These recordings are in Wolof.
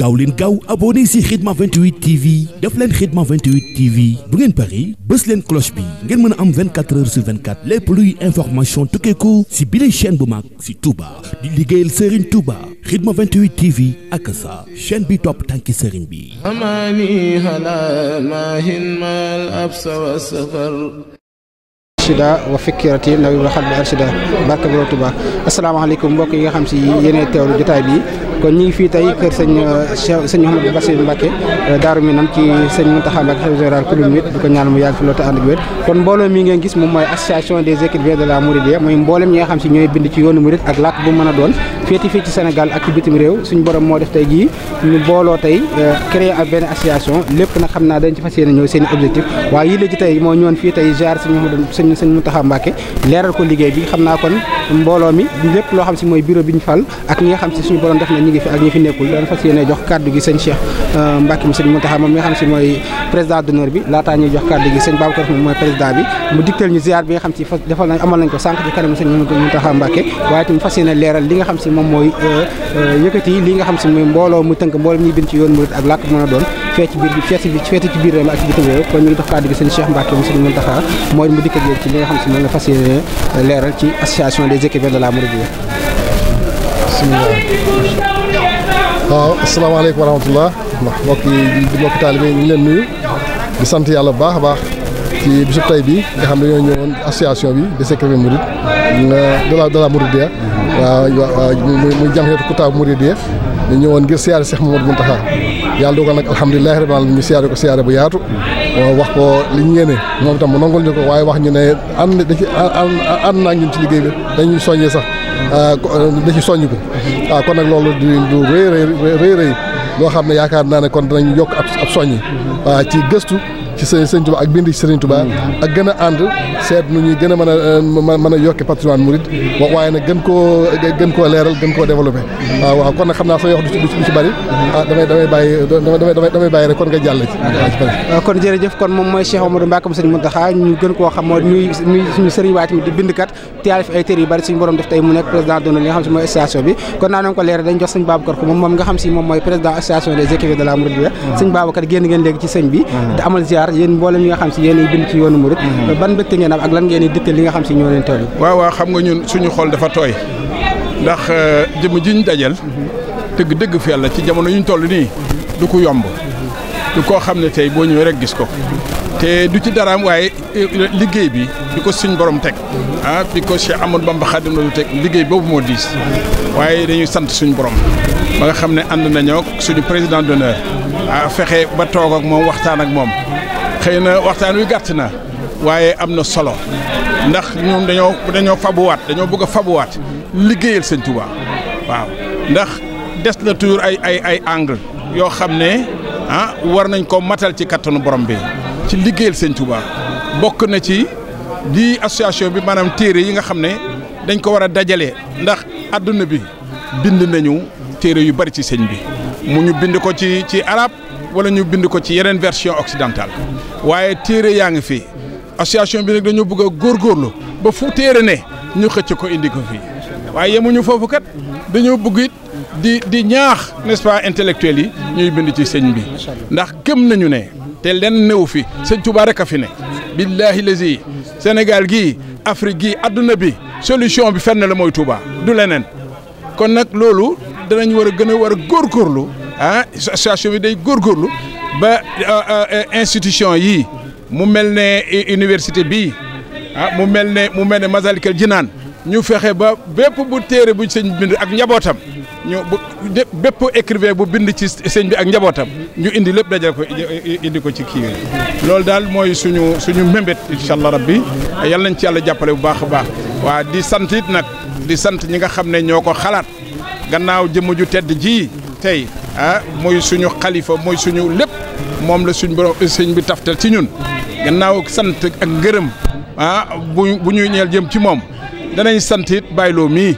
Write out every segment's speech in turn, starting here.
gaaw leen gaaw abonné si Khidma 28 TV def leen Khidma 28 TV bu ngeen pari bës leen cloche bi ngeen mën a am 24 heures sur 24 lépp luy information tukkeeku si bile chaîne bu mag si Touba di liggéeyal Serigne Touba Khidma 28 TV ak sa chaîne bi topp tànki Serigne bi. arsida wa fikirati nawi wa xalbi arsida barka mbokk yi nga xam si bi kon ñu ngi fii tey kër sëñ euh, Cheikh sëñ Mouhamadou Bassirou Mbacke euh, ci sëñ Mountakha Mbacke xalifa général kullu ko mu yàgg fi loolu mi ngeen gis moom mooy association de la Mouridiyya mooy mboolem ñi nga xam si moo tey jii ñu booloo tey euh, créé ak benn lépp nag xam naa dañ ci fas yéene seen i objectif waaye yii la ji tey moo ñëwoon fii tey ziar sëñ Mouhamadou sëñ sëñ Mountakha Mbacke leeral ko liggéey bi xam naa kon mbooloo mi lépp loo xam si mooy bureau bi ñu fal ak ñi nga xam si suñu borom def na ñi ngi fi ak ñi fi nekkul daan fas yéene jox euh, jox kàddu gi sëñ Babacar moom mu digteel ñu ziar mooy euh, euh, mu tënk yoon a doon fee ci biir bi fee ci feete ci biir réew mi ak ci bitim réew kon ñu ngi jox kàddu gi li nga xam si moom la fas yéene leeral ci association des écrivains de la Mouridiyya bismillah waaw asalaamaaleykum wa rahmatullah ndax mbokk yi mbokk taalibe ñu ngi leen nuyu di sant yàlla bu baax a baax ci bi nga xam ne ñoo ñëwoon association bi de secret mouride de la de la Mouridiyya waaw muy jàngatu kutaabu Mouridiyya ñu ñëwoon ngir siyaare Cheikh Mamadou Mountakha yàlla dogal nag alhamdulilahi rabbil alamin ñu siyaare ko siyaare bu yaatu wax ko li ñu yéene moom itam mu nangul ñu ko waaye wax ñu ne ànd da ci ànd naa ñun ci bi dañuy soññee sax Ah, ah, da ci soññ ko ah, kon nag loolu di lu rëy rëy rëy loo xam ne yaakaar naa ne kon danañ yokk ab soññ waa ci gëstu ci sëñ sëñ ak bindi ci sëriñ Touba ak gën a ànd seet nu ñuy gën a mën a euh, mën a yokke patrimoine mouride waaw waaw kon nag xam naa sama wax du ci bari ko moom nga xam si moom mooy président association des équipes de la mouride ah. sëñ Babacar génn ngeen léegi ci sëñ bi ah. te amal ziar Sarr yéen mboolem ñi nga xam si yéen bind ci yoonu murid mhm. ban mbégte ngeen am ak lan ngeen di dikkal li nga xam si ñoo leen toll waaw waaw xam nga ñun suñu xol dafa tooy ndax euh, jëm ji ñu dajal mhm. dëgg dëgg fi la ci jamono yuñ toll nii mhm. du ko yomb du koo xam ne tey boo ñëwee rek gis ko te du ci daraam waaye euh, liggéey bi di ko suñ borom teg ah di ko Cheikh Amadou Bamba Khadim la lu teg liggéey boobu moo diis waaye dañuy sant suñu borom ba nga xam ne ànd nañoo suñu président d'honneur a ah, fexe ba toog ak moom waxtaan ak moom xëy na waxtaan wi gàtt na waaye am na solo ndax ñun dañoo dañoo fabuwaat dañoo bëgg a fabuwaat liggéeyal sëñ Touba waaw ndax des na toujours ay ay ay angle yoo xam ne ah war nañ ko matal ci kattanu borom bi ci liggéeyal sëñ Touba bokk na ci di association bi maanaam téere yi nga xam ne dañ ko war a dajale ndax àdduna bi bind nañu téere yu bari ci sëñ bi mu ñu bind ko ci ci wala ñu bind ko ci yeneen version occidentale waaye téere yaa ngi fi association bi nag dañoo bëgg a góorgóorlu ba fu téere ne ñu xëcc ko indi ko fi waaye yemuñu foofu kat dañoo bëgg di di ñaax n'est-ce yi ñuy bind ci sëñ bi ndax gëm nañu ne te lenn newu fi sëñ Tuubaa rek a fi ne billaahi lazi Sénégal gii Afrique gi àdduna bi solution bi fenn la mooy Tuubaa du leneen kon nag loolu danañ war a gën a war a góorlu ah association bi day góorgóorlu ba euh, euh, euh, institution yi mu mel ne université bi ah mu mel ne mu mel ne Masalikul Jinaan ñu fexe ba bépp bu téere bu sëñ bind ak njabootam ñu bépp écrivain bu bind ci sëñ bi ak njabootam ñu indi lépp dajal ko indi ko ci kii yooyu loolu daal mooy suñu suñu mbébét incha allah rabbi yal nañ ci yàlla jàppale bu baax a baax waa di sant nag di sant ñi nga xam ne ñoo ko xalaat gannaaw jëmm ju tedd ji tey ah mooy suñu xalifa mooy suñu lépp moom la suñ borom suñ bi taftal ci ñun gannaaw sant ak gërëm ah bu bu ñuy ñeel jëm ci moom danañ sant it mii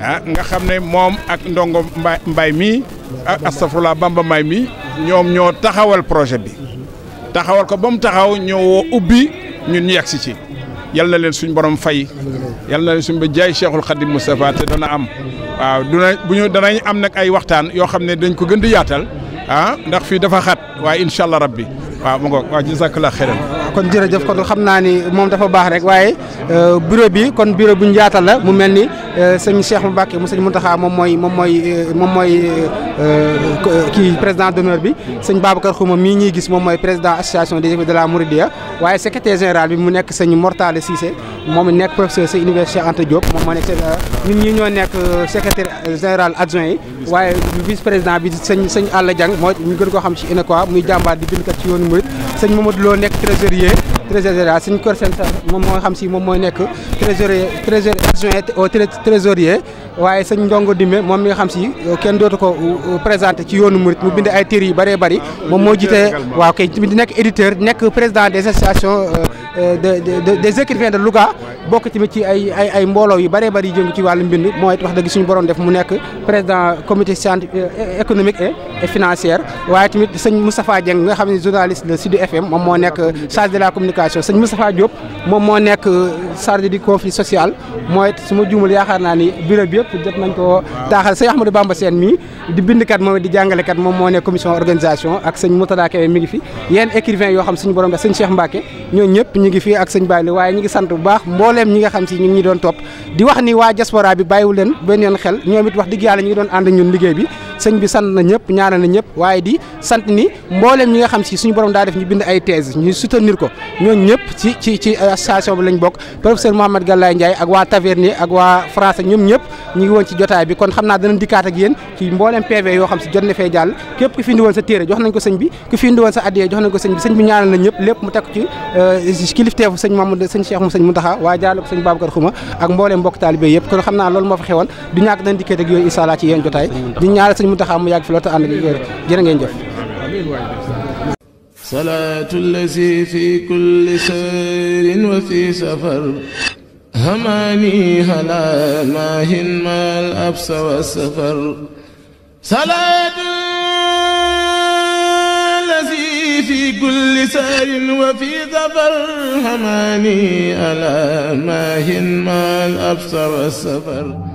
ah nga xam ne moom ak ndongo mbaay mbaay mii ak ah, astafurlah bamba mbaay mii ñoom ñoo taxawal projet bi taxawal ko ba mu taxaw ñoo ubbi ñun ñu yegsi ci yal na leen suñ borom fay yal na leen suñ ba jaay cheikhul xadim moustapha te a am waaw du na bu ñu am nag ay waxtaan yoo xam ne dañ ko gën di yaatal ah ndax fii dafa xat waaye incha allah rabbi waaw mu ngoog waaw jazakallah xeyran kon jërëjëf kon xam naa ni moom dafa baax rek waaye euh, bureau bi kon bureau bu njaatal la mu mel ni euh, sëñ Cheikh Mbacke mu sëñ Mountakha moom mooy moom mooy euh, moom mooy kii président d'honneur bi sëñ Babacar Xuma mii ñuy gis moom mooy président association des de la Mouridia waaye secrétaire général bi mu nekk sëñ Mortale Cissé moom nekk professeur sa université Anta Diop moom moo nekk ñun ñi nekk secrétaire général adjoint yi waaye vice président bi sëñ sëñ Alla Diang moo ñu gën koo xam ci INACOI muy jàmbaar di bindkat ci yoonu murit sëñ Mamadou Lo nekk trésorier trésorier daal suñ kër seen moom moo xam si moom mooy nekk trésorier trésorier adjoint au waaye sëñ Ndongo Dimbe moom mi nga xam si euh, kenn dootu ko euh, euh, présente ci yoonu murit mu bind ay téere yu bëree bëri moom moo jiite waaw kay di nekk éditeur nekk président des associations Euh, de des écrivains de Louga bokk tamit ci ay ay ay mbooloo yu bëree bëri jëngu ci wàllu mbind mooy wax dëgg suñu borom def mu nekk président comité scientifique euh, économique et financière waaye tamit sëñ Moustapha Dieng nga xam ne journaliste de Sud FM moom moo nekk chargé de la communication sëñ Moustapha Diop moom moo nekk euh, chargé du conflit social mooy su ma juumul yaakaar naa ni bureau bi yëpp jot nañ ko taaxal sëñ Ahmadou Bamba Sène mii di bindkat moom di jàngalekat moom moo nekk commission organisation ak sëñ Moutada Kébé mi ngi fi yenn écrivain yoo xam suñu borom def sëñ Cheikh Mbacké ñooñu ñëpp ñu ngi fii ak sëñ Baali waaye ñu ngi sant bu baax mbooleem ñi nga xam si ñu ngi doon topp di wax ni waa diaspora bi bàyyiwu leen benn yoon xel ñoom it wax dëgg yàlla ñu ngi doon ànd ñun liggéey bi sëñ bi sant na ñëpp ñaanal na ñëpp waaye di sant ni mbooleem ñi nga xam si suñu borom daa def ñu bind ay thèse ñu soutenir ko ñooñu ñëpp ci ci ci association bi lañ bokk professeur Mohamed Gallaye Ndiaye ak waa Tavernier ak waa français ñëpp ñu ngi si jot na fee jàll képp ku fi indi woon sa téere jox nañ ko sëñ bi sëñ bi ñaanal na ñëpp lépp mu teg ci euh, kilifteefu sëñ Mamadou sëñ Cheikh mu sëñ Mountakha waa ko sëñ Babacar Xuma ak mbooleem mbokk taalibe yëpp kon xam Sëriñ Muntaxa mu yàgg fi lool te ànd ak wér jërë ngeen jëf salaatu lazi fi kulli sayrin wa fi safar hamani hala mahin mal absa wa safar salaatu lazi fi kulli sayrin wa fi safar hamani hala mahin mal absa wa safar